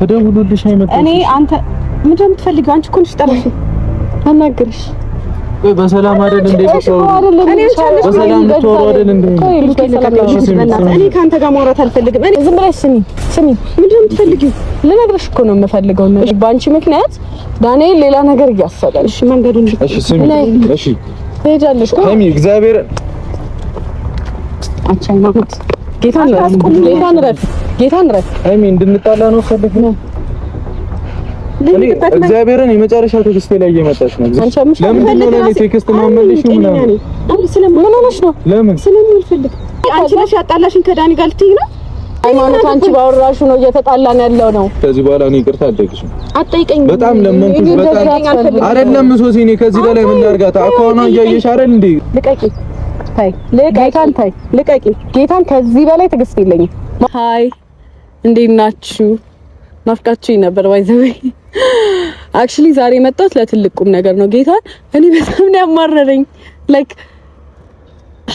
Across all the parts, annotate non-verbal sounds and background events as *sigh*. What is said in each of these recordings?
ተደውሎልሽ አይመጣም። እኔ አንተ ምንድን ነው የምትፈልገው? አንቺ እኮ ነሽ ጠራሽ አናግርሽ በሰላም አይደል እንዴ? በሰላም ልትወሩ አይደል እንዴ? እኔ ከአንተ ጋር ማውራት አልፈልግም። እኔ ዝም ብለሽ ስሚ ስሚ፣ ምንድን ነው የምትፈልጊው? ልነግርሽ እኮ ነው የምፈልገው። በአንቺ ምክንያት ዳንኤል ሌላ ነገር እያሰበ እሺ፣ መንገዱን እሺ፣ ስሚ፣ እሺ፣ ትሄጃለሽ እኮ ስሚ፣ እግዚአብሔር አቻይ ማለት ጌታን ጌታን ረፍ ጌታን ረስ አይሚ እንድንጣላ ነው ፈልግ ነው። እግዚአብሔርን የመጨረሻ ቴክስቴ ላይ እየመጣች ነው። ለምንድን ነው ለኔ ቴክስት ማመልሽው? ምናምን ምን ሆነሽ ነው? ለምን ስለምንፈልግ አንቺ ነሽ ያጣላሽን ከዳኒ ጋር ልትይ ነው? ሃይማኖት አንቺ ባወራሹ ነው እየተጣላን ያለው ነው። ከዚህ በኋላ እኔ ይቅርታ አትጠይቅሽም። አትጠይቀኝ። በጣም ለመንኩሽ። በጣም አይደለም ሶሲ፣ እኔ ከዚህ በላይ ምን ላድርጋት? አኳኗ እያየሽ አይደል እንዴ? ልቀቂ ታይ፣ ልቀቂ ታይ፣ ልቀቂ ጌታን። ከዚህ በላይ ትዕግስት የለኝም። ሃይ እንዴት ናችሁ? ናፍቃችሁኝ ነበር። ባይዘበይ አክቹሊ ዛሬ የመጣሁት ለትልቅ ቁም ነገር ነው። ጌታ እኔ በጣም ነው ያማረረኝ። ላይክ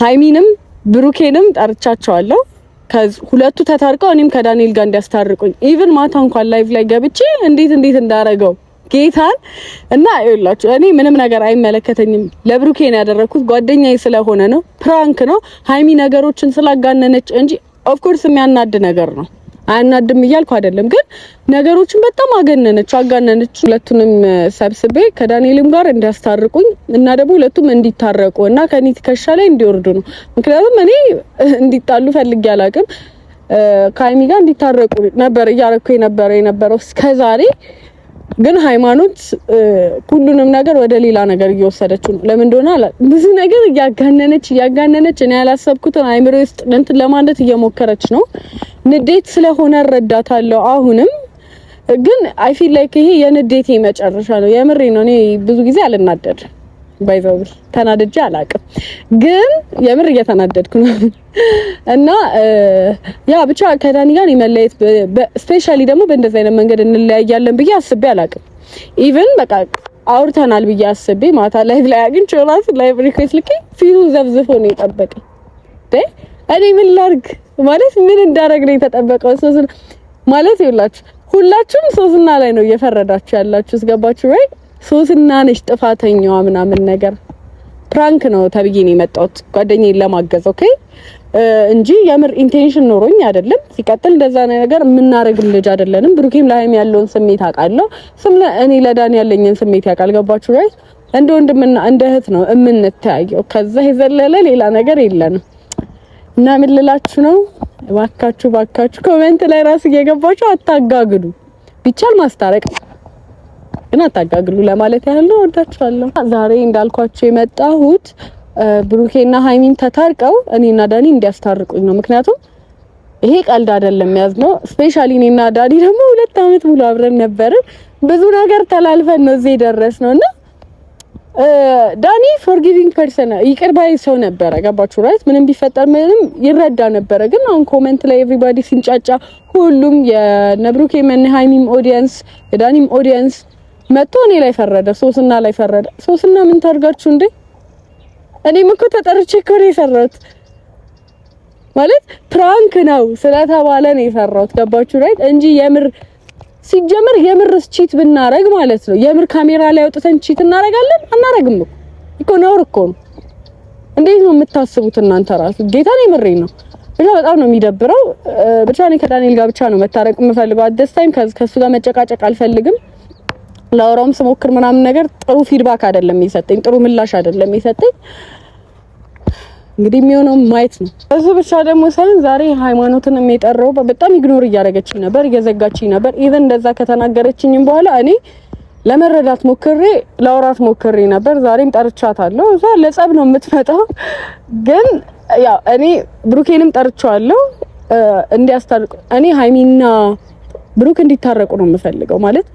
ሃይሚንም ብሩኬንም ጠርቻቸዋለሁ ሁለቱ ተታርቀው እኔም ከዳንኤል ጋር እንዲያስታርቁኝ ኢቭን ማታ እንኳን ላይቭ ላይ ገብቼ እንዴት እንዴት እንዳረገው ጌታን እና ይኸውላችሁ፣ እኔ ምንም ነገር አይመለከተኝም። ለብሩኬን ያደረኩት፣ ጓደኛዬ ስለሆነ ነው፣ ፕራንክ ነው። ሃይሚ ነገሮችን ስላጋነነች እንጂ ኦፍኮርስ የሚያናድ ነገር ነው። አያናድም እያልኩ አይደለም፣ ግን ነገሮችን በጣም አገነነች አጋነነች። ሁለቱንም ሰብስቤ ከዳንኤልም ጋር እንዲያስታርቁኝ እና ደግሞ ሁለቱም እንዲታረቁ እና ከኔ ትከሻ ላይ እንዲወርዱ ነው። ምክንያቱም እኔ እንዲጣሉ ፈልጌ አላቅም። ከሀይሚ ጋር እንዲታረቁ ነበር እያረኩ የነበረ የነበረው እስከዛሬ ግን ሃይማኖት ሁሉንም ነገር ወደ ሌላ ነገር እየወሰደችው ነው። ለምን እንደሆነ አላ ብዙ ነገር እያጋነነች እያጋነነች እኔ ያላሰብኩትን አይምሮ ውስጥ እንትን ለማለት እየሞከረች ነው። ንዴት ስለሆነ እረዳታለሁ። አሁንም ግን አይ ፊል ላይክ ይሄ የንዴቴ መጨረሻ ነው። የምሬ ነው። እኔ ብዙ ጊዜ አልናደድም ባይዘውር ተናድጄ አላቅም፣ ግን የምር እየተናደድኩ ነው። እና ያ ብቻ ከዳኒ ጋር መለየት ስፔሻሊ ደግሞ በእንደዚህ አይነት መንገድ እንለያያለን ብዬ አስቤ አላቅም። ኢቭን በቃ አውርተናል ብዬ አስቤ ማታ ላይ ላይ አግኝቼው እራሱ ላይ ሪኩዌስት ልኬ ፊቱ ዘብዝፎ ነው የጠበቀኝ። እኔ ምን ላርግ ማለት ምን እንዳረግ ነው የተጠበቀው ማለት ይውላችሁ ሁላችሁም ሶስና ላይ ነው እየፈረዳችሁ ያላችሁ። እስገባችሁ ወይ ሶስና ነሽ ጥፋተኛዋ ምናምን ነገር ፕራንክ ነው ተብዬ ነው የመጣሁት ጓደኛዬን ለማገዝ ኦኬ፣ እንጂ የምር ኢንቴንሽን ኖሮኝ አይደለም። ሲቀጥል እንደዛ ነገር የምናደርግ ልጅ አይደለንም። ብሩኬም ለሀይሚ ያለውን ስሜት አውቃለሁ፣ ስም እኔ ለዳን ያለኝን ስሜት ያውቃል። ገባችሁ ጋይስ? እንደ ወንድምና እንደ እህት ነው የምንተያየው። ከዛ የዘለለ ሌላ ነገር የለንም። እና ምን ልላችሁ ነው? ባካችሁ ባካችሁ ኮሜንት ላይ ራስ እየገባችሁ አታጋግዱ። ቢቻል ማስታረቅ ግን አታጋግሉ ለማለት ያህል ነው። ወዳችኋለሁ። ዛሬ እንዳልኳቸው የመጣሁት ብሩኬና ሀይሚን ተታርቀው እኔና ዳኒ እንዲያስታርቁኝ ነው። ምክንያቱም ይሄ ቀልድ አይደለም ያዝ ነው። ስፔሻሊ እኔና ዳኒ ደግሞ ሁለት አመት ሙሉ አብረን ነበርን። ብዙ ነገር ተላልፈን ነው እዚህ ደረስ ነው እና ዳኒ ፎርጊቪንግ ፐርሰን ይቅር ባይ ሰው ነበረ። ገባችሁ ራይት? ምንም ቢፈጠር ምንም ይረዳ ነበረ። ግን አሁን ኮመንት ላይ ኤቭሪባዲ ሲንጫጫ ሁሉም የነብሩኬ መነ ሀይሚም ኦዲየንስ የዳኒም ኦዲየንስ መጥቶ እኔ ላይ ፈረደ፣ ሶስና ላይ ፈረደ። ሶስና ምን ታርጋችሁ እንዴ? እኔም እኮ ተጠርቼ እኮ ነው ማለት ፕራንክ ነው ስለተባለ ነው የሰራሁት። ገባችሁ? ራይት እንጂ የምር ሲጀምር የምር ቺት ብናረግ ማለት ነው የምር ካሜራ ላይ አውጥተን ቺት እናረጋለን? አናረግም እኮ ነውር እኮ ነው። እንዴት ነው የምታስቡት እናንተ ራሱ? ጌታ ነው ነው። ብቻ በጣም ነው የሚደብረው። ብቻ እኔ ከዳንኤል ጋር ብቻ ነው መታረቅ የምፈልገው። አደስ ታይም ከሱ ጋር መጨቃጨቅ አልፈልግም። ለአውራውም ስሞክር ምናምን ነገር ጥሩ ፊድባክ አይደለም የሚሰጠኝ፣ ጥሩ ምላሽ አይደለም የሚሰጠኝ። እንግዲህ የሚሆነው ማየት ነው። እሱ ብቻ ደግሞ ሳይሆን ዛሬ ሃይማኖትን የጠራው በጣም ኢግኖር እያደረገችኝ ነበር፣ እየዘጋችኝ ነበር። ኢቨን እንደዛ ከተናገረችኝም በኋላ እኔ ለመረዳት ሞክሬ ለአውራት ሞክሬ ነበር። ዛሬም ጠርቻታለሁ። እዛ ለጸብ ነው የምትመጣው። ግን ያው እኔ ብሩኬንም ጠርቻለሁ እንዲያስታርቁ እኔ ሃይሚና ብሩክ እንዲታረቁ ነው የምፈልገው ማለት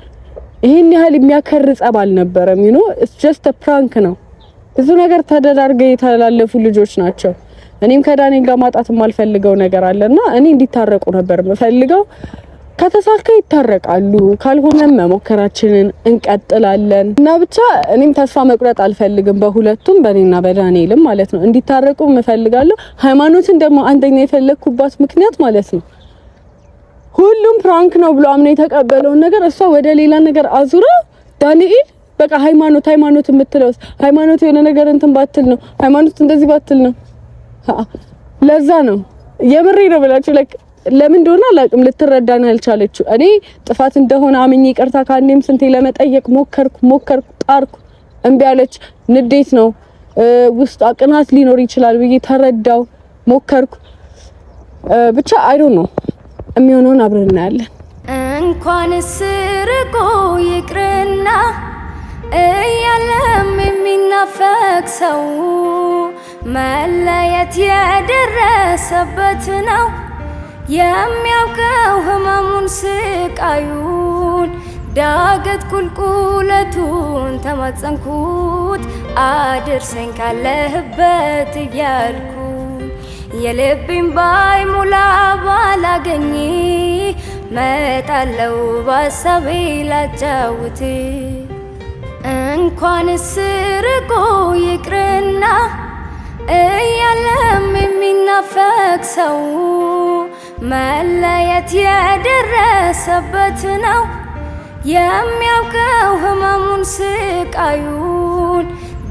ይሄን ያህል የሚያከር ጸብ አልነበረም። ዩ ኢትስ ጀስት ፕራንክ ነው። ብዙ ነገር ተደዳርገው የተላለፉ ልጆች ናቸው። እኔም ከዳንኤል ጋር ማጣት የማልፈልገው ነገር አለና እኔ እንዲታረቁ ነበር የምፈልገው። ከተሳከ ይታረቃሉ፣ ካልሆነም መሞከራችንን እንቀጥላለን እና ብቻ እኔም ተስፋ መቁረጥ አልፈልግም፣ በሁለቱም በእኔና በዳንኤልም ማለት ነው። እንዲታረቁ እፈልጋለሁ። ሃይማኖትን ደግሞ አንደኛ የፈለግኩባት ምክንያት ማለት ነው ሁሉም ፕራንክ ነው ብሎ አምነ የተቀበለውን ነገር እሷ ወደ ሌላ ነገር አዙራ ዳንኤል በቃ ሃይማኖት ሃይማኖት የምትለውስ ሃይማኖት የሆነ ነገር እንትን ባትል ነው ሃይማኖት እንደዚህ ባትል ነው። ለዛ ነው የምሬ ነው ብላችሁ ለክ ለምን እንደሆነ አላውቅም። ልትረዳን አልቻለችው። እኔ ጥፋት እንደሆነ አምኜ ይቅርታ ካንዴም ስንቴ ለመጠየቅ ሞከርኩ ሞከርኩ ጣርኩ፣ እምቢ አለች። ንዴት ነው ውስጥ ቅናት ሊኖር ይችላል ብዬ ተረዳው ሞከርኩ ብቻ አይ ዶንት ኖ የሚሆነውን አብረን እናያለን። እንኳን ስርቆ ይቅርና እያለም የሚናፈቅ ሰው መለየት የደረሰበት ነው የሚያውቀው ህመሙን፣ ስቃዩን፣ ዳገት ቁልቁለቱን ተማጸንኩት አድርሰኝ ካለህበት እያልኩ የልቤን ሙላ ባላገኝ መጣለው ባሳቤ ላጫውት እንኳንስ ርቆ ይቅርና እያለም የሚናፈቅ ሰው መለየት የደረሰበት ነው የሚያውቀው ህመሙን ስቃዩ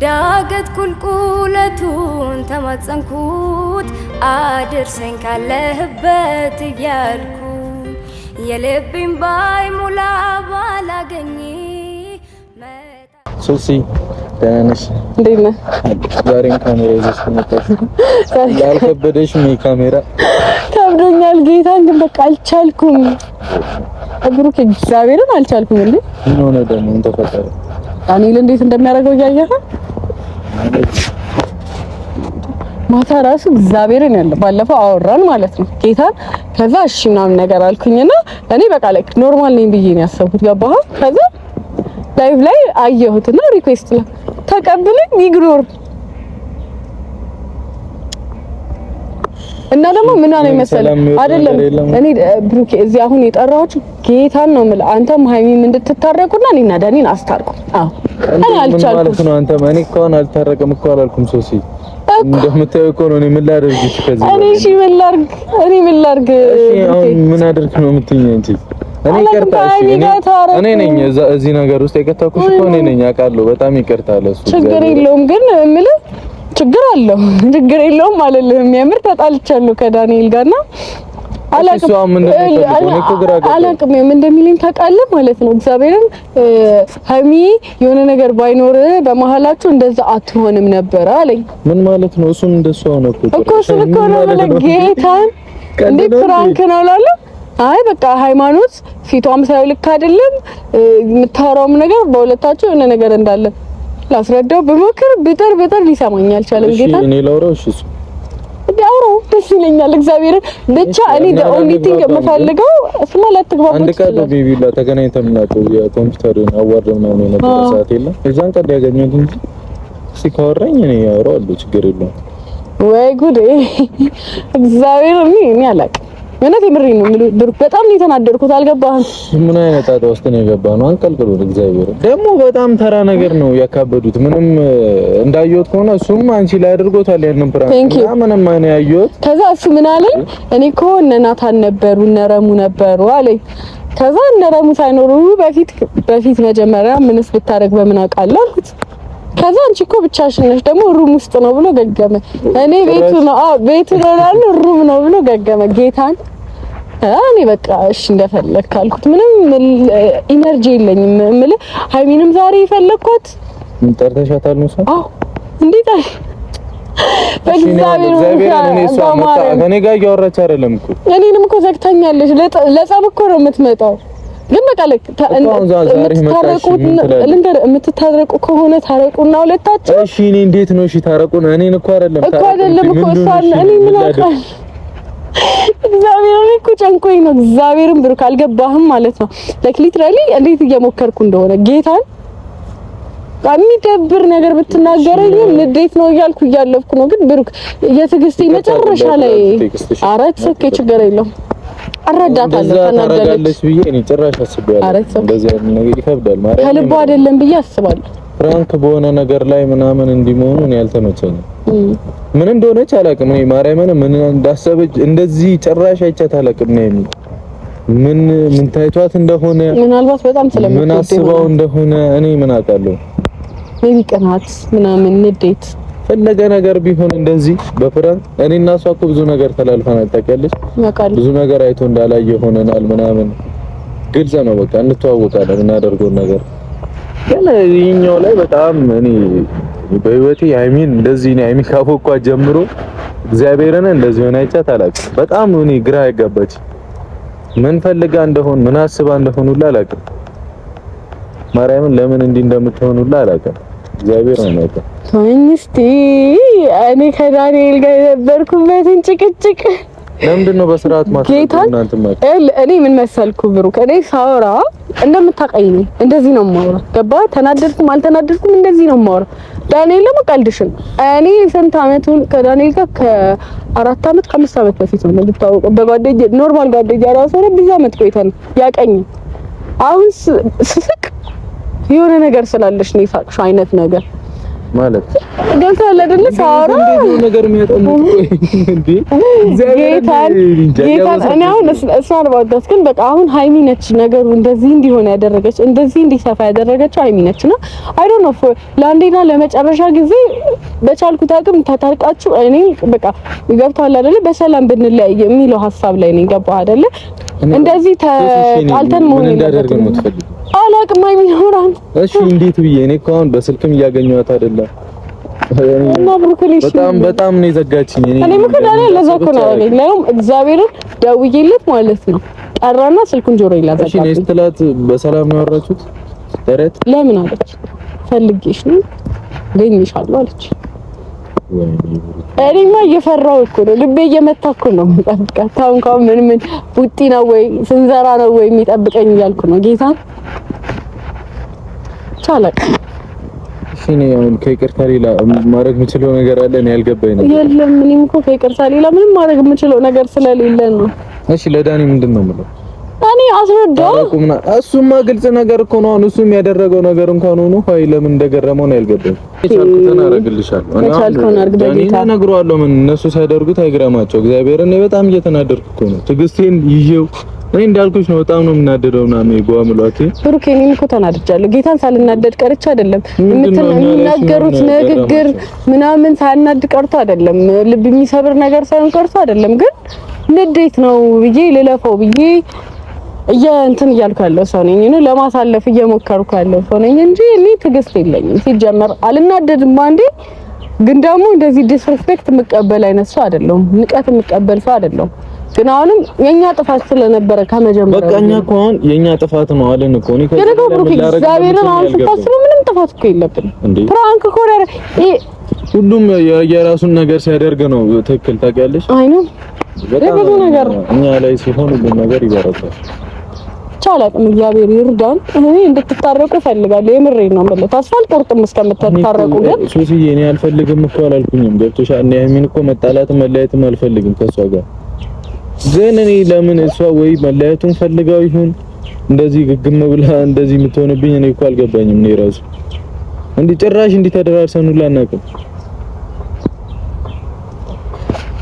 ዳገት ቁልቁለቱን ተማጸንኩት አድርሰኝ ካለህበት እያልኩ የልቤን ባይሞላ ባላገኝ ሶሲ ደህና ነሽ? እንዴት ነህ? ዛሬም ካሜራ ይዘሽ መጣሽ። ያልከበደሽም ካሜራ ከብዶኛል። ጌታን ግን በቃ አልቻልኩም። ብሩክ እግዚአብሔርን አልቻልኩም። እንዴ ምን ሆነ ደግሞ? ምን ተፈጠረ? ዳንኤል እንዴት እንደሚያደርገው እያየህ ማታ ራሱ እግዚአብሔርን ያለ ባለፈው አወራን ማለት ነው ጌታን። ከዛ እሺ ምናምን ነገር አልኩኝና እኔ በቃ ላይክ ኖርማል ነኝ ብዬ ነው ያሰብኩት። ገባህ? ከዛ ላይቭ ላይ አየሁትና ሪኩዌስት ላይ ተቀብለኝ ይግኖር እና ደግሞ ምን አለ መሰለህ አይደለም እኔ ብሩኬ እዚህ አሁን የጠራሁት ጌታን ነው የምልህ አንተም ሀይሚም እንድትታረቁና እኔና ዳኒን አስታርቁ አዎ እኔ አልቻልኩም ነው አንተ እኔ እኮ አሁን እኮ አላልኩም ሶሲ እንደምታየው እኮ ነው እኔ ምን ላድርግ ከዚህ እኔ እሺ ምን ላድርግ እኔ ምን ላድርግ እሺ ምን አድርግ ነው የምትይኝ አንቺ እኔ ይቅርታ እኔ ነኝ እዚህ ነገር ውስጥ የከተኩሽ እኮ እኔ ነኝ አውቃለሁ በጣም ይቅርታ ለሱ ችግር የለውም ግን የምልህ ችግር አለው፣ *laughs* ችግር የለውም አልልህም። የምር ተጣልቻለሁ ከዳንኤል ጋርና አላቅም እንደሚለኝ ታውቃለህ ማለት ነው። እግዚአብሔርን ሀሚ የሆነ ነገር ባይኖር በመሀላችሁ እንደዛ አትሆንም ነበረ አለኝ። ምን ማለት ነው? እሱም እንደሱ ሆነ እኮ እሱም እኮ ነው ጌታን እንዴ ፍራንክ ነው እላለሁ። አይ በቃ ሃይማኖት ፊቷም ሳይው ልክ አይደለም የምታወራውም ነገር በሁለታችሁ የሆነ ነገር እንዳለን ላስረዳው በሞክር ብጠር ብጠር ሊሰማኝ አልቻለም። ጌታ እኔ ላውራው እሺ አውራው ደስ ይለኛል። እግዚአብሔር ብቻ እኔ the ኦንሊ ቲንግ የምፈልገው ስለ ላትግባ አንድ ቀን ቤቢ ላ ተገናኝተን የምናውቀው የኮምፒውተሩን አዋርድ ምናምን የነበረ ሰዓት የለም እዛን ቀን ያገኘሁት እንጂ እስኪ ካወራኝ እኔ አውራዋለሁ ችግር የለውም። ወይ ጉዴ እግዚአብሔር እኔ እኔ አላውቅም እውነት የምሬ ነው የምልህ ብሩክ፣ በጣም ነው የተናደድኩት። አልገባህም? ምን አይነት ጣጣ ውስጥ ነው የገባነው? አንቀልቅሎ እግዚአብሔር ደግሞ በጣም ተራ ነገር ነው ያካበዱት። ምንም እንዳየሁት ከሆነ እሱም አንቺ ላይ አድርጎታል ያንን ፕራንክ ምንም ማን ያየሁት። ከዛ እሱ ምን አለኝ፣ እኔ እኮ እነ ናታን ነበሩ እነ ረሙ ነበሩ አለኝ። ከዛ እነ ረሙ ሳይኖሩ በፊት በፊት መጀመሪያ ምንስ ብታደርግ በምን አውቃለሁ አልኩት። ከዛ አንቺ እኮ ብቻሽን ነሽ ደግሞ ሩም ውስጥ ነው ብሎ ገገመ። እኔ ቤቱ ነው አዎ ቤቱ ነው እላለሁ ሩም ነው ብሎ ገገመ። ጌታን እኔ በቃ እሺ እንደፈለክ አልኩት። ምንም ኢነርጂ የለኝም የምልህ ሀይሚንም ዛሬ የፈለኳት ጠርተሻታል ነው ሰው አዎ እንዴት አይ በእግዚአብሔር እኔ ጋር እያወራች አይደለም እኮ እኔንም እኮ ዘግታኛለች። ለጸብ እኮ ነው የምትመጣው ግን በቃ የምትታረቁ ከሆነ ታረቁና ሁለታችሁ። እሺ እኔ እንዴት ነው? እሺ ታረቁና። እኔን እኮ አይደለም እኮ አይደለም እኮ እሷን እኔ ምን አውቃለሁ? እግዚአብሔርን እኮ ጨንቆኝ ነው። እግዚአብሔርን ብሩክ አልገባህም ማለት ነው። ላይክ ሊትራሊ እንዴት እየሞከርኩ እንደሆነ ጌታን የሚደብር ነገር ብትናገረኝ ንዴት ነው እያልኩ እያለፍኩ ነው። ግን ብሩክ የትዕግስቴ መጨረሻ ላይ አረት ኦኬ፣ ችግር የለውም አረዳታለሁ። ተናደለች ብዬ እኔ ጭራሽ አስቤያለሁ። እንደዚህ አይነት ነገር ይከብዳል ማለት ከልቧ አይደለም ብዬ አስባለሁ። ፍራንክ በሆነ ነገር ላይ ምናምን እንዲመሆኑ እኔ ያልተመቸኝ ምን እንደሆነች አላውቅም። እኔ ማርያምን ምን እንዳሰበች እንደዚህ ጭራሽ አይቻት አላውቅም ነው ምን ምን ታይቷት እንደሆነ ምናልባት በጣም ስለምን አስባው እንደሆነ እኔ ምን አውቃለሁ። ቅናት ምናምን ንዴት ፈለገ ነገር ቢሆን እንደዚህ በፕራንክ እኔ እና እሷ እኮ ብዙ ነገር ተላልፈናል። ታውቂያለሽ፣ ብዙ ነገር አይቶ እንዳላየ ሆነናል ምናምን። ግልጽ ነው በቃ እንተዋወቃለን፣ እናደርገውን ነገር ያለ ይኛው ላይ በጣም እኔ በህይወቴ አይሚን እንደዚህ ነው አይሚን ካወቅኳ ጀምሮ እግዚአብሔርን እንደዚህ ሆነ አይቻት አላውቅም። በጣም እኔ ግራ ያጋባች ምን ፈልጋ እንደሆን ምን አስባ እንደሆን ሁላ አላውቅም። ማርያምን ለምን እንዲህ እንደምትሆን ሁላ አላውቅም። እግዚአብሔር ነው። ተወኝ እስቲ እኔ ከዳንኤል ጋር የነበርኩበትን ጭቅጭቅ ለምንድን ነው በስርዓት ማጥፋት? እኔ ምን መሰልኩ ብሩክ፣ እኔ ሳወራ እንደምታውቀኝ ነኝ። እንደዚህ ነው የማወራ። ገባህ? ተናደድኩም አልተናደድኩም እንደዚህ ነው የማወራ። ዳንኤል ደግሞ ቀልድሽን እኔ ስንት አመቱን ከዳንኤል ጋር ከአራት አመት ከአምስት አመት በፊት ነው የምታወቀው። በጓደኛ ኖርማል ጓደኛ ራሱ ሆነ ብዙ አመት ቆይተን ያቀኝ አሁን ስስቅ የሆነ ነገር ስላለሽ ነው የፋቅሽው አይነት ነገር ማለት ገብቶሃል አይደለ? ሳራ ሳወራ ነገር የሚያጠምቁ እንዴ ጌታን ጌታን እኔ አሁን እሷን ባወጣት ግን በቃ አሁን ሀይሚ ነች ነገሩ እንደዚህ እንዲሆን ያደረገች እንደዚህ እንዲሰፋ ያደረገችው ሀይሚ ነች። እና አይ ዶንት ኖ ለአንዴና ለመጨረሻ ጊዜ በቻልኩት አቅም ተታርቃችሁ እኔ በቃ ገብቶሃል አይደለ? በሰላም ብንለያይ የሚለው ሀሳብ ላይ ነው። ገባህ አይደለ? እንደዚህ ተጣልተን መሆን እንዳደረገ ነው አላቅም። ማሚ እሺ እንዴት ብዬ እኔ እኮ አሁን በስልክም እያገኘኋት አይደለም። በጣም በጣም ነው የዘጋችኝ። እኔ ለዛ እኮ ነው እግዚአብሔርን ደውዬለት ማለት ነው ጠራና ስልኩን ጆሮ እሺ እኔ ስትላት በሰላም ነው ያወራችሁት? ለምን አለች ፈልጌሽ ነው ገኝሻለሁ አለች። እኔማ እየፈራሁ እኮ ነው፣ ልቤ እየመታ እኮ ነው የምጠብቃት። ታውን ምን ምን ቡጢ ነው ወይ ስንዘራ ነው ወይ የሚጠብቀኝ እያልኩ ነው ጌታ ቻለቅ እኔ አሁን ከይቅርታ ሌላ ማድረግ የምችለው ነገር አለ? እኔ ያልገባኝ ነው። የለም። እኔም እኮ ከይቅርታ ሌላ ምንም ማድረግ የምችለው ነገር ስለሌለ ነው። እሺ ለዳኒ ምንድን ነው የምለው? አስረዳው። እሱማ ግልጽ ነገር እኮ ነው። እሱም ያደረገው ነገር እንኳን ሆኖ ሆይ ለምን እንደገረመው ነው ያልገባኝ። የቻልኩትን አደርግልሻለሁ ምን እነሱ ሳያደርጉት አይግረማቸው። እግዚአብሔርን እኔ በጣም እየተናደድኩ እኮ ነው። ትዕግስቴን ይዤው እኔ እንዳልኩሽ ነው። በጣም ነው የምናደደው ምናምን ይጓም ብሏት ብሩኬ፣ እኔም እኮ ተናድጃለሁ። ጌታን ሳልናደድ ቀርቼ አይደለም። የሚናገሩት ንግግር ምናምን ሳያናድ ቀርቶ አይደለም። ልብ የሚሰብር ነገር ሳይሆን ቀርቶ አይደለም። ግን ንዴት ነው ብዬ ልለፈው ብዬ እንትን እያልኩ ያለው ሰው ነኝ ነው ለማሳለፍ እየሞከርኩ ያለው ሰው ነኝ እንጂ እኔ ትዕግስት የለኝም። ሲጀመር አልናደድም አንዴ ግን ደግሞ እንደዚህ ዲስሪስፔክት የምቀበል አይነት ሰው አይደለሁም። ንቀት የምቀበል ሰው አይደለሁም። ግን አሁንም የኛ ጥፋት ስለነበረ ከመጀመሪያው በቃ እኛ እኮ አሁን የኛ ጥፋት ነው አለን እኮ ነው ከዛ ነው ብሩክ እግዚአብሔርን አሁን ስታስበው ምንም ጥፋት እኮ የለብንም። ፕራንክ እኮ ነው ይሄ ሁሉም የራሱን ነገር ሲያደርግ ነው ትክክል ታውቂያለሽ። አይ ነው በጣም ነገር እኛ ላይ ሲሆን ሁሉም ነገር ይበረታል። ብቻ አላውቅም። እግዚአብሔር ይርዳን። እኔ እንድትታረቁ እፈልጋለሁ። የምሬን ነው የምልህ። ተስፋ አልቆርጥም እስከምትታረቁ። ግን ሱስዬ እኔ አልፈልግም እኮ አላልኩኝም። ገብቶሻል። እኔ ሀይሚን እኮ መጣላትም መለያየትም አልፈልግም ከእሷ ጋር። ግን እኔ ለምን እሷ ወይ መለያየቱን ፈልጋው ይሁን እንደዚህ ግግም ብላ እንደዚህ የምትሆንብኝ እኔ እኮ አልገባኝም። እኔ ራሱ እንዲህ ጭራሽ እንዲህ ተደራርሰን ሁላ አናውቅም።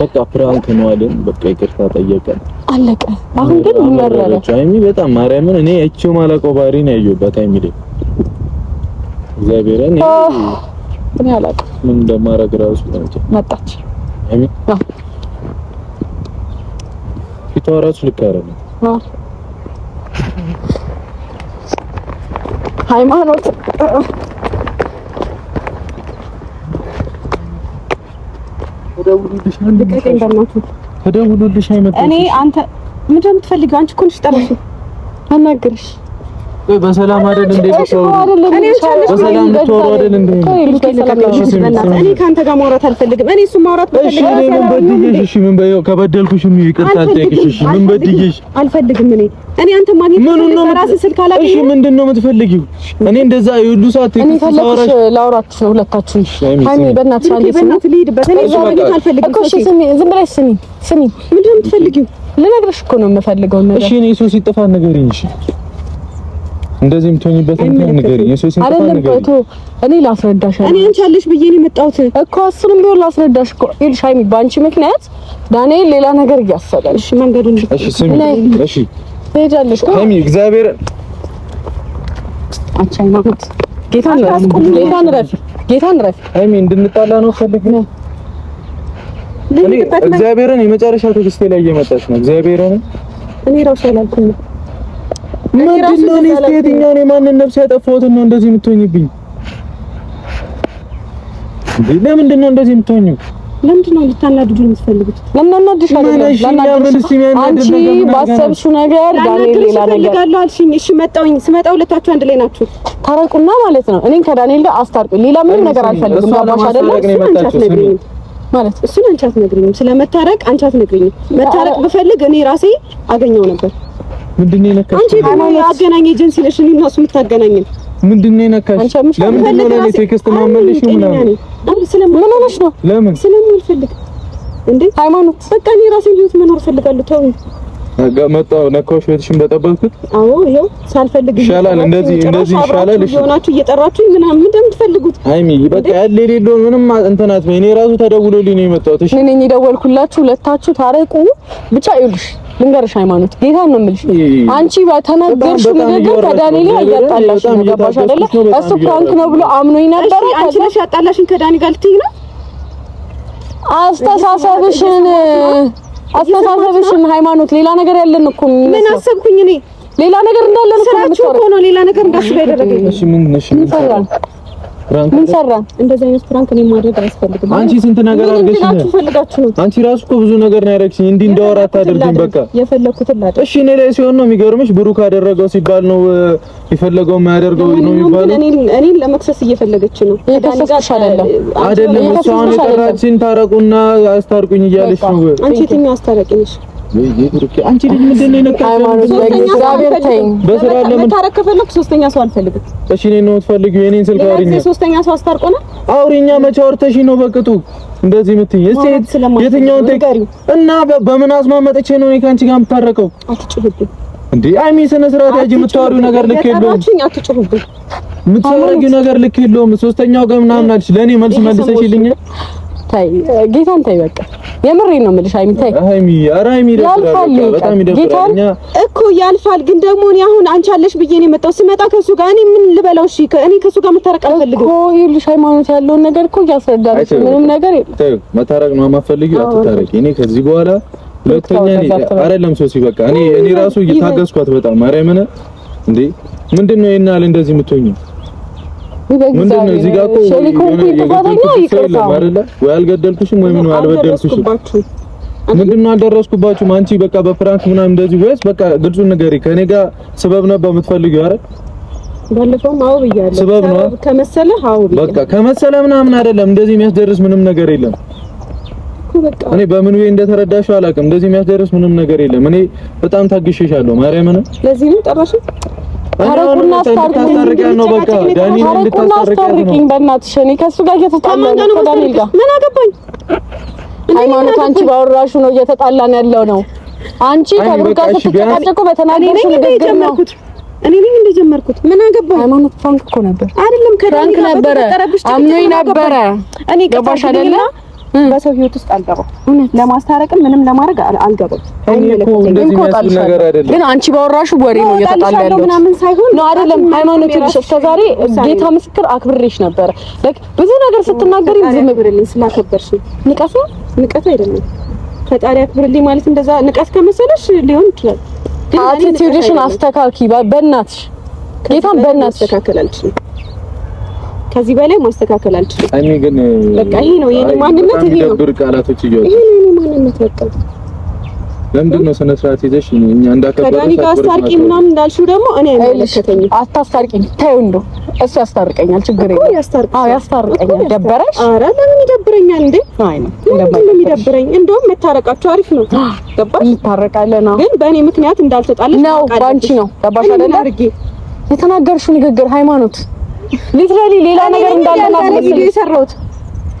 በቃ ፕራንክ ነው አይደል? በቃ ይቅርታ ጠየቀ፣ አለቀ። አሁን ግን ይመረረ ቻይሚ በጣም ማርያምን፣ እኔ እቺው ማለቀው ባህሪ ነው ያየሁባት። አይሚዴ እግዚአብሔርን እኔ አላውቅም ምን እንደማደርግ እራሱ መጣች። አይሚ ፊቷ እራሱ ልክ አይደለም። ሃይማኖት እኔ አንተ ምንድን ነው የምትፈልገው? አንቺ እኮ ነሽ ጠራሽኝ። አናግርሽ ቆይ በሰላም አይደል እንዴ? በሰላም ልትወሩ አይደል እንዴ? እኔ ካንተ ጋር ማውራት አልፈልግም። እኔ እሱ ማውራት አልፈልግም። እኔ እኔ አንተ ማግኘት ራስህ ስልክ አላገኘ። እሺ ምንድን ነው የምትፈልጊው? እኔ እንደዛ የሁሉ ሰዓት ላውራችሁ ሁለታችሁ። ሃይሚ በእናትሽ ልሂድበት። እኔ ማግኘት አልፈልግም እሺ ስሚ፣ ዝም ብለሽ ስሚ፣ ስሚ። ምንድን ነው የምትፈልጊው? ልነግርሽ እኮ ነው የምፈልገው ነገር። እሺ እኔ እሱ ሲጠፋ ንገሪኝ። እሺ እንደዚህ የምትሆኝበት እንትን ነገር የሶስት አይደለም እኮ እኔ ላስረዳሽ እኔ አንቺ አለሽ ብዬ ነው የመጣሁት እኮ እሱንም ቢሆን ላስረዳሽ እኮ ይልሽ ሀይሚ በአንቺ ምክንያት ዳንኤል ሌላ ነገር እያሰበ እሺ መንገዱ እንዴ እሺ ስሚ እሺ ትሄጃለሽ ሀይሚ እግዚአብሔር አቻይ ማለት ጌታን ረፍ፣ ጌታን ረፍ፣ ጌታን ረፍ። ሀይሚ እንድንጣላ ነው ፈልግ ነው እግዚአብሔርን የመጨረሻ ትዕግስቴ ላይ እየመጣች ነው እግዚአብሔርን እኔ ራሱ አላልኩም ምንድነው? እኔ እስኪ የትኛው ነው የማንን ነፍስ ያጠፋሁትን ነው እንደዚህ የምትሆኝብኝ? ለምንድን ነው እንደዚህ የምትሆኝው? ለምንድን ነው ልታናድዱ የምትፈልጉት? አንቺ ባሰብሽው ነገር እሺ መጣሁኝ። ስመጣ ሁለታችሁ አንድ ላይ ናችሁ። ታረቁና ማለት ነው። እኔን ከዳንኤል ጋር ሌላ ምንም ነገር አልፈልግም። ገባሽ ማለት እሱን አንቺ አትነግሪኝም። ስለመታረቅ አንቺ አትነግሪኝም። መታረቅ ብፈልግ እኔ ራሴ አገኘው ነበር። ምንድን ነው የነካሽ? አንቺ ደግሞ አገናኝ ኤጀንሲ ነሽ። እኔ እና እሱ ምንድን ነው የነካሽ? ለምንድን ነው ምን ሆነሽ ነው? ለምን እንዴ ሃይማኖት፣ በቃ እኔ ራሴን መኖር እፈልጋለሁ። ተውኝ መጣሁ ነካሁሽ፣ ቤትሽን አዎ ሳልፈልግ ይሻላል፣ እንደዚህ እንደዚህ ይሻላል። እሺ ሆናችሁ አይሚ፣ በቃ ያለ ምንም ራሱ ተደውሎልኝ ነው እሺ ታረቁ ብቻ ይሉሽ ልንገርሽ ሃይማኖት ጌታ ነው የምልሽ። አንቺ በተናገርሽ ንግግር ከዳኒ ላይ እያጣላሽ ነው። ገባሽ አይደለ? እሱ ፕራንክ ነው ብሎ አምኖኝ ነበረ። አንቺ ነሽ ያጣላሽን ከዳኒ ጋር ልትይ ነው። አስተሳሰብሽን አስተሳሰብሽን ሃይማኖት ሌላ ነገር ያለን እኮ ምን አሰብኩኝ እኔ ሌላ ነገር እንዳለን እኮ ሌላ ነገር እንዳስበ ያደረገኝ ፕራንክ ምን ሰራ? እንደዚህ አይነት ፕራንክ እኔ ማድረግ አያስፈልግም። አንቺ ስንት ነገር አድርገሽ አንቺ ራሱ እኮ ብዙ ነገር ነው ያደረግሽኝ። እንዲህ እንዳወራ አታደርጊኝ። በቃ የፈለኩትን ላድርግ። እሺ እኔ ላይ ሲሆን ነው የሚገርምሽ። ብሩክ አደረገው ሲባል ነው የፈለገው የማያደርገው ነው የሚባለው። እኔን ለመክሰስ እየፈለገች ነው። የከሰስሽ አይደለም አይደለም። እሷን የጠራችን ታረቁና አስታርቁኝ እያለች ነው። አንቺ የትኛው አስታራቂ ነሽ? አንቺ ልጅ ምንድን ነው የነካሽ? እግዚአብሔር ተይኝ። በስራ ሶስተኛ ሰው አልፈልግም። እሺ እኔን ነው የምትፈልጊው? የእኔን ስልክ አውሪኝ። ሶስተኛ ሰው አስታርቆና አውሪኛ። መቼ አውርተሽ ነው በቅጡ እንደዚህ የምትይኝ? እስቲ የትኛውን ትቀሪ እና በምን አስማመጥቼ ነው እኔ ከአንቺ ጋር የምታረቀው? አትጭሁብኝ እንዴ አይሚ፣ ስነ ስርዓት ያጂ። የምታወሪው ነገር ልክ የለውም። የምታወሪው ነገር ልክ የለውም። ሶስተኛው ጋር ምናምን አልሽ። ለእኔ መልስ መልሰሽልኛል ታይ ጌታን ታይ በቃ የምሬ ነው የምልሽ። ሀይሚ ታይ ሀይሚ ኧረ ሀይሚ ያልፋል እኮ ያልፋል። ግን ደግሞ እኔ አሁን አንቺ አለሽ ብዬ ነው የመጣው። ስመጣ ከሱ ጋር እኔ ምን ልበለው? እሺ እኔ ከሱ ጋር መታረቅ አልፈልግም እኮ ይኸውልሽ፣ ሃይማኖት ያለውን ነገር እኮ እያስረዳለች። ምንም ነገር ታይ መታረቅ ነው የማትፈልጊው፣ አትታረቂ። እኔ ከዚህ በኋላ ሁለተኛ አይደለም ሶሲ በቃ እኔ እኔ ራሱ እየታገስኳት በጣም ማርያምን እንዴ ምንድነው ይናል እንደዚህ የምትሆኚው ምንድነው እዚህ ጋር አልደረስኩባችሁም? አንቺ በቃ በፍራንክ ምናምን እንደዚህ ወይስ በቃ ግልጹን ንገሪ። ከኔ ጋር ስበብ ነበር የምትፈልጊው አይደል? ባለፈውም አዎ ብያለሁ። ስበብ ነው ከመሰለ አዎ ብያለሁ። በቃ ከመሰለ ምናምን አይደለም። እንደዚህ የሚያስደርስ ምንም ነገር የለም። እኔ በምን ወይ እንደተረዳሽው አላውቅም። እንደዚህ የሚያስደርስ ምንም ነገር የለም። እኔ በጣም ታግሼሻለሁ። ማርያምን ለዚህ ነው ጠራሽኝ ታረቁና አስታርቁኝ ነው በቃ ዳኒ አስታርቁኝ። በእናትሽ እኔ ከእሱ ጋር እየተጣላሁ ነው ከዳኒል ጋር ምን አገባኝ። ሃይማኖት አንቺ ባወራሹ ነው እየተጣላን ያለው ነው። አንቺ ከብሩ ጋር ስትጨቃጨቁ በተናገርሽ ንግግር ነው እኔ ነኝ እንደጀመርኩት። ምን አገባ? ሃይማኖት ፋንክ እኮ ነበር አይደለም? ከዳኒ ጋር ነበረ አምኖኝ ነበረ። እኔ ገባሽ አይደለም በሰው ህይወት ውስጥ አልገባም። ለማስታረቅም ምንም ለማድረግ አልገባም። ግን አንቺ ባወራሹ ወሬ ነው እየተጣለ ያለው ምናምን ሳይሆን ነው አይደለም። ሃይማኖት ልሽ እስከዛሬ ጌታ ምስክር አክብሬሽ ነበረ። ብዙ ነገር ስትናገሪ ዝም ብለሽ ስላከበርሽ ንቀቱ ንቀቱ አይደለም። ፈጣሪ አክብርልኝ ማለት እንደዛ ንቀት ከመሰለሽ ሊሆን ይችላል። አቲቲዩድሽን አስተካኪ በእናትሽ ጌታን በእናትሽ አስተካከላለች ከዚህ በላይ ማስተካከል አልችልም። እኔ ግን በቃ ይሄ ነው የኔ ማንነት፣ ይሄ ነው ድብር ቃላቶች ይያዙ። ይሄ ነው የኔ ማንነት በቃ ለምንድን ነው ስነ ስርዓት ይዘሽ እኛ እንዳከበረሽ ከዳኒ ጋር አስታርቂ ምናምን እንዳልሽው ደግሞ እኔ አይመለከተኝም። አታስታርቂ ተይው፣ እንደው እሱ ያስታርቀኛል። ችግር የለም አዎ ያስታርቀኛል። ደበረሽ? ኧረ ለምን ይደብረኛል እንዴ? አይ ነው ለምን ይደብረኝ። እንደውም መታረቃቸው አሪፍ ነው። ገባሽ? እንታረቃለን። ግን በእኔ ምክንያት እንዳልተጣለሽ ነው። ባንቺ ነው ገባሽ አይደል? የተናገርሽው ንግግር ሃይማኖት ሊትራሊ ሌላ ነገር እንዳለ ማለት ነው የሰራሁት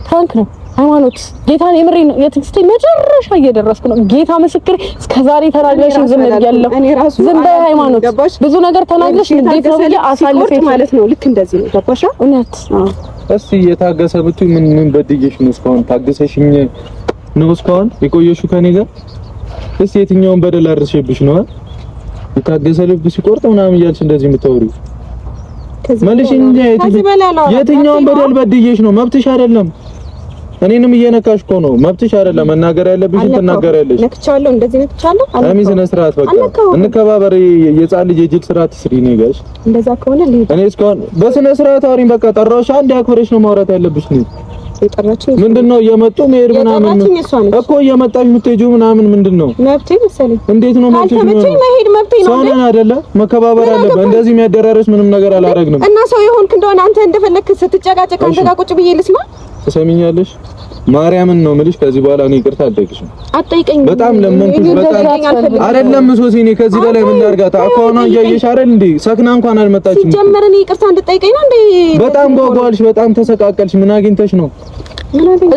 ፍራንክ ነው። ሃይማኖት ጌታን የምሬ ነው። የትዕግስቴ መጨረሻ እየደረስኩ ነው። ጌታ ምስክር እስከዛሬ ተናግረሽ ዝም ብያለሁ። ዝም በይ ሃይማኖት። ብዙ ነገር ተናግረሽ እንዴት ነው ብዬ አሳልፈሽ ማለት ነው። ልክ እንደዚህ ነው። ገባሽ? እውነት እስቲ የታገሰ ብትይ ምን ምን በድዬሽ ነው እስካሁን? ታገሰሽኝ ነው እስካሁን የቆየሽው ከኔ ጋር? እስቲ የትኛውን በደል አድርሼብሽ ነው የታገሰ ልብ ሲቆርጥ ምናምን እያልሽ እንደዚህ የምታወሪው? መልሽ እንጂ የትኛውን በደል በድዬሽ ነው? መብትሽ አይደለም። እኔንም እየነካሽ እኮ ነው። መብትሽ አይደለም። መናገር ያለብሽ ትናገሪያለሽ። ነክቻለሁ፣ እንደዚህ ነክቻለሁ። አሚ ስነ ስርዓት በቃ እንከባበር። የጻል ልጅ የጅል ስርዓት ትስሪ ነው ጋሽ። እንደዛ ከሆነ እኔ እስካሁን በስነ ስርዓት አውሪኝ። በቃ ጠራሁሽ፣ አንድ አክብረሽ ነው ማውራት ያለብሽ ነው የጠራችኝ ምንድን ነው? እየመጡ መሄድ ምናምን እኮ እየመጣሽ የምትሄጂው ምናምን ምንድን ነው? መብቴ መሰለኝ። እንዴት ነው መብቴ? መሄድ መብቴ ነው። አይደለ? መከባበር አለ። እንደዚህ የሚያደራረስ ምንም ነገር አላደረግንም እና ሰው የሆንክ እንደሆነ አንተ እንደፈለክ ስትጨቃጨቅ አንተ ጋር ቁጭ ብዬ ልስማ። ትሰሚኛለሽ? ማርያምን ነው የምልሽ። ከዚህ በኋላ እኔ ይቅርታ አልጠይቅሽም። አጠይቀኝ። በጣም ለመንኩሽ። በጣም አይደለም ሶሲ፣ እኔ ከዚህ በላይ ምን ላድርጋት? አቋኗ እያየሽ አይደል እንዴ? ሰክና እንኳን አልመጣችም። ሲጀመር እኔ ይቅርታ እንድጠይቀኝ ነው እንዴ? በጣም ጓጓልሽ፣ በጣም ተሰቃቀልሽ። ምን አግኝተሽ ነው?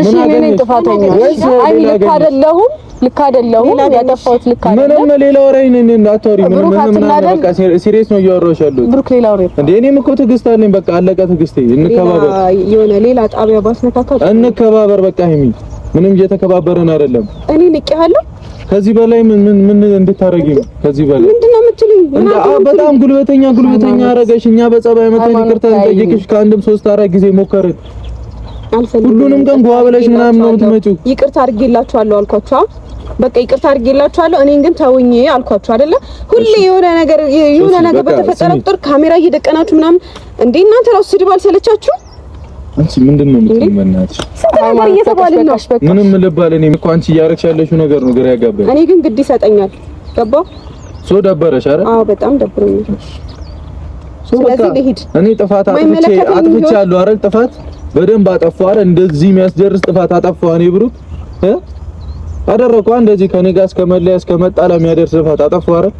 እሺ እኔ ጥፋተኛ ልክ አይደለሁም ልክ አይደለሁም ያጠፋሁት ልክ አይደለም ሌላ ወሬ በቃ ነው እያወራሁሽ ያለሁት ብሩክ ሌላ አለቀ ትዕግስቴ እንከባበር የሆነ ሌላ ጣቢያ ባስነካካ እንከባበር በቃ ሀይሚ ምንም እየተከባበረን አይደለም እኔ ንቄሃለሁ ከዚህ በላይ ምን ምን ምን እንድታረጊ ነው? ከዚህ በላይ ምንድነው የምትሉኝ? በጣም ጉልበተኛ ጉልበተኛ አረገሽ። እኛ በጸባይ መተን ይቅርታ ጠየቅሽ። ከአንድም ሶስት አራት ጊዜ ሞከርን። ሁሉንም ቀን ጓ ብለሽ ምናምን ነው የምትመጪው። ይቅርታ አድርጌላችኋለሁ አልኳችሁ። በቃ ይቅርታ አድርጌላችኋለሁ። እኔን ግን ተውኝ አልኳችሁ አይደለ? ሁሌ የሆነ ነገር የሆነ ነገር በተፈጠረ ቁጥር ካሜራ እየደቀናችሁ ምናምን እንዴ! እናንተ ራሱ ስድብ አልሰለቻችሁ? አንቺ ምንድን ነው የምትመናት? ስንት ነገር እየተባልን ነው። ምንም ልባል እኔ እኮ አንቺ እያደረግሽ ያለሽው ነገር ነው ግራ ያጋባኝ። እኔ ግን ግድ ይሰጠኛል። ገባ ሶ ደበረሽ አረ አዎ በጣም ደብሮኛል። ስለዚህ ልሂድ። እኔ ጥፋት አጥፍቻለሁ አይደል? ጥፋት በደንብ አጠፋው አይደል? እንደዚህ የሚያስደርስ ጥፋት አጠፋው። እኔ ብሩክ እ አደረኩ እንደዚህ ከኔ ጋር እስከመለያ እስከመጣላ የሚያደርስ ጥፋት አጠፋው አይደል?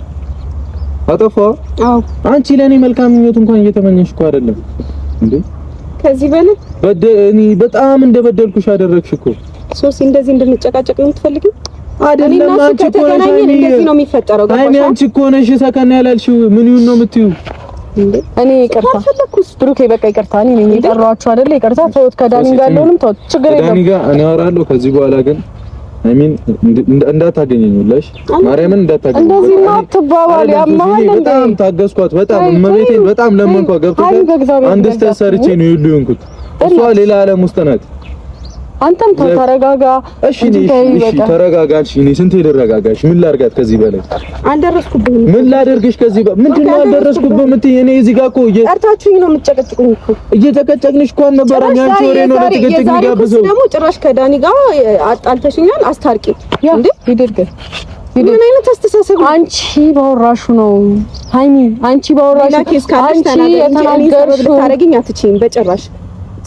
አጠፋው። አዎ፣ አንቺ ለኔ መልካም ምኞት እንኳን እየተመኘሽ እኮ አይደለም እንዴ? ከዚህ በላይ በደ እኔ በጣም እንደበደልኩሽ አደረግሽ እኮ ሶሲ። እንደዚህ እንድንጨቃጨቅ ነው የምትፈልጊው? አይደለም አንቺ እኮ ነሽ እንደዚህ ነው የሚፈጠረው። ጋር አንቺ እኮ ነሽ ሰከን ያላልሽው ምን ይሁን ነው የምትዩ እኔ ይቅርታ ብሩኬ፣ በቃ ይቅርታ። እኔ ነኝ የጠራኋችሁ አይደለ? ይቅርታ። ተውት፣ ከዳኒ ጋር ያለውንም ተውት፣ ችግር የለም። ከዳኒ ጋር እኔ አወራለሁ። ከዚህ በኋላ ግን እንዳታገኘኝ ሁላሽ ማርያምን እንዳታገኘኝ። ታገስኳት፣ በጣም እመቤቴን፣ በጣም ገብቶሻል? አንድ ነው ይሉ እሷ ሌላ ዓለም ውስጥ ናት። አንተም ተው ተረጋጋ። እሺ እሺ ተረጋጋ። እሺ እኔ ስንቴ ልረጋጋሽ? ምን ላርጋት ከዚህ በላይ አልደረስኩብህም። ምን ላደርግሽ ከዚህ በላይ ምንድን ነው አልደረስኩብህም የምትይኝ? እኔ እዚህ ጋር እኮ እየጠርታችሁኝ ነው የምትጨቀጭቁኝ እኮ እየተቀጨቅንሽ እኮ ነበር። ያንቺ ወሬ ነው ለጭቅጭቅ የሚጋብዘው። ደግሞ ጭራሽ ከዳኒ ጋር አጣልተሽኛል። አስታርቂ እንዴ ይደርገ ምን አይነት አስተሳሰብ አንቺ ባወራሹ ነው ሃይሚ? አንቺ ባወራሹ አንቺ የተናገርሽው ታረጋኝ አትችይም በጭራሽ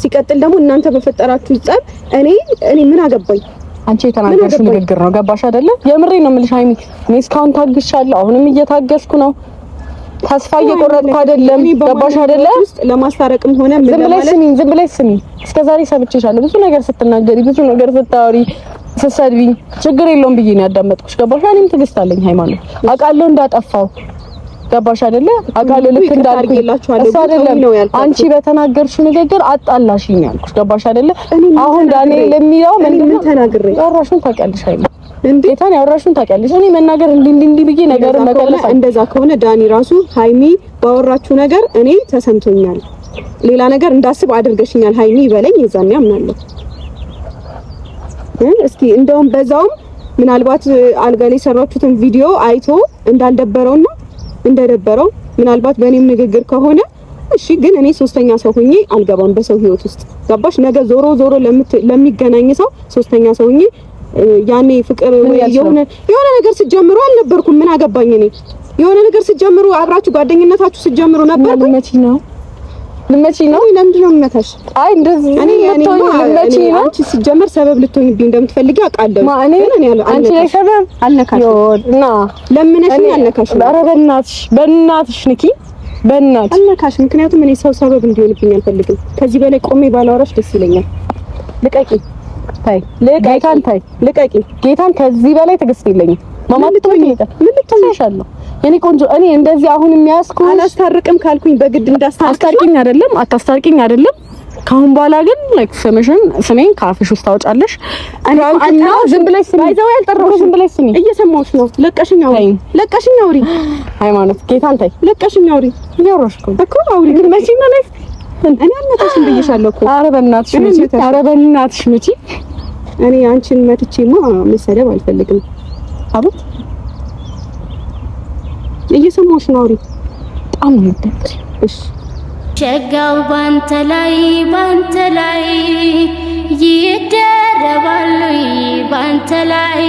ሲቀጥል ደግሞ እናንተ በፈጠራችሁ ጸብ እኔ እኔ ምን አገባኝ? አንቺ የተናገርሽ ንግግር ነው። ገባሽ አይደለ? የምሬ ነው የምልሽ ሀይሚ። እኔ እስካሁን ታግሻለሁ፣ አሁንም እየታገስኩ ነው። ተስፋ እየቆረጥኩ አይደለም። ገባሽ አይደለ? ለማስታረቅም ሆነ ምን ማለት ዝም ብለሽ ዝም ብለሽ ስሚ። እስከዛሬ ሰምቼሻለሁ፣ ብዙ ነገር ስትናገሪ፣ ብዙ ነገር ስታወሪ፣ ስትሰድቢ፣ ችግር የለውም ብዬ ነው ያዳመጥኩሽ። ገባሽ? እኔም ትዕግስት አለኝ ሃይማኖት፣ አውቃለሁ እንዳጠፋው ገባሽ አይደለ? አካል ልክ እንዳልኩኝ እሱ አይደለም አንቺ በተናገርሽ ንግግር አጣላሽኝ ያልኩሽ ገባሽ አይደለ? አሁን ዳንኤል የሚለው ምን ነው ተናግሬ ጨራሹን ታውቂያለሽ አይደል? ጌታን ያወራሽውን ታውቂያለሽ። እኔ መናገር እንዲህ እንዲህ እንዲህ ብዬ ነገር መገለጽ እንደዛ ከሆነ ዳኒ ራሱ ሃይሚ ባወራችሁ ነገር እኔ ተሰምቶኛል፣ ሌላ ነገር እንዳስብ አድርገሽኛል ሀይሚ በለኝ፣ የዛኔ አምናለሁ። እስኪ እንደውም በዛውም ምናልባት አልጋ ላይ የሰራችሁትን ቪዲዮ አይቶ እንዳልደበረውና እንደደበረው ምናልባት በእኔም ንግግር ከሆነ እሺ፣ ግን እኔ ሶስተኛ ሰው ሆኜ አልገባም በሰው ህይወት ውስጥ ገባሽ። ነገ ዞሮ ዞሮ ለሚገናኝ ሰው ሶስተኛ ሰው ሆኜ ያኔ ፍቅር የሆነ የሆነ ነገር ስጀምሩ አልነበርኩም። ምን አገባኝ እኔ የሆነ ነገር ስጀምሩ አብራችሁ ጓደኝነታችሁ ስጀምሩ ነበርኩ ነው ልመቺ ነው። ለምንድን ነው የምመታሽ? አይ እንደዚህ እኔ ልመቺ ነው። አንቺ ሲጀመር ሰበብ ልትሆኝብኝ እንደምትፈልጊ አውቃለሁ። እኔ አንቺ ላይ ሰበብ አልነካሽም። እና ለምነሽኝ አልነካሽም። ኧረ በእናትሽ በእናትሽ ንኪ በእናትሽ አልነካሽ። ምክንያቱም እኔ ሰው ሰበብ እንዲሆንብኝ አልፈልግም። ከዚህ በላይ ቆሜ ባላወራሽ ደስ ይለኛል። ልቀቂ ታይ ልቀቂ ታይ ልቀቂ ጌታን። ከዚህ በላይ ትዕግስት የለኝም። ማማልጥ ምን ልትሆንሻለሁ እኔ ቆንጆ እኔ እንደዚህ አሁን የሚያስኩ አላስታርቅም ካልኩኝ በግድ እንዳስታርቅኝ አይደለም፣ አታስታርቅኝ አይደለም። ካሁን በኋላ ግን ላይክ ስምሽን ስሜን ካፍሽ ውስጥ ታወጫለሽ። እኔ አንተ ዝም ብለሽ ስሜ ባይዘው ያልጠራሁሽ ዝም ብለሽ ስሜ እየሰማሁሽ ነው። ለቀሽኝ አውሪ፣ ለቀሽኝ አውሪ። ሃይማኖት ጌታን ታይ፣ ለቀሽኝ አውሪ። እያወራሽ እኮ እኮ አውሪ። ግን መቼ ነው ላይክ እኔ አልመጣሽም ብዬሻለሁ እኮ። ኧረ በእናትሽ መቼ፣ ኧረ በእናትሽ መቼ። እኔ አንቺን መትቼማ መሰደብ አልፈልግም አቤት እየሰማሁሽ ነው። አውሪ በጣም ነው የምትደብሪው። እሺ ሸጋው ባንተ ላይ ባንተ ላይ ይደረባሉ ባንተ ላይ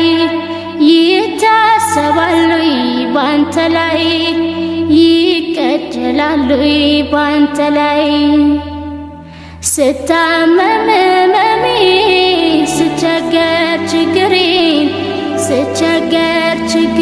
ይታሰባሉ ባንተ ላይ ይቀደላሉ ባንተ ላይ ስታመም መሚ ስቸገር ችግሬን ስቸገር ችግር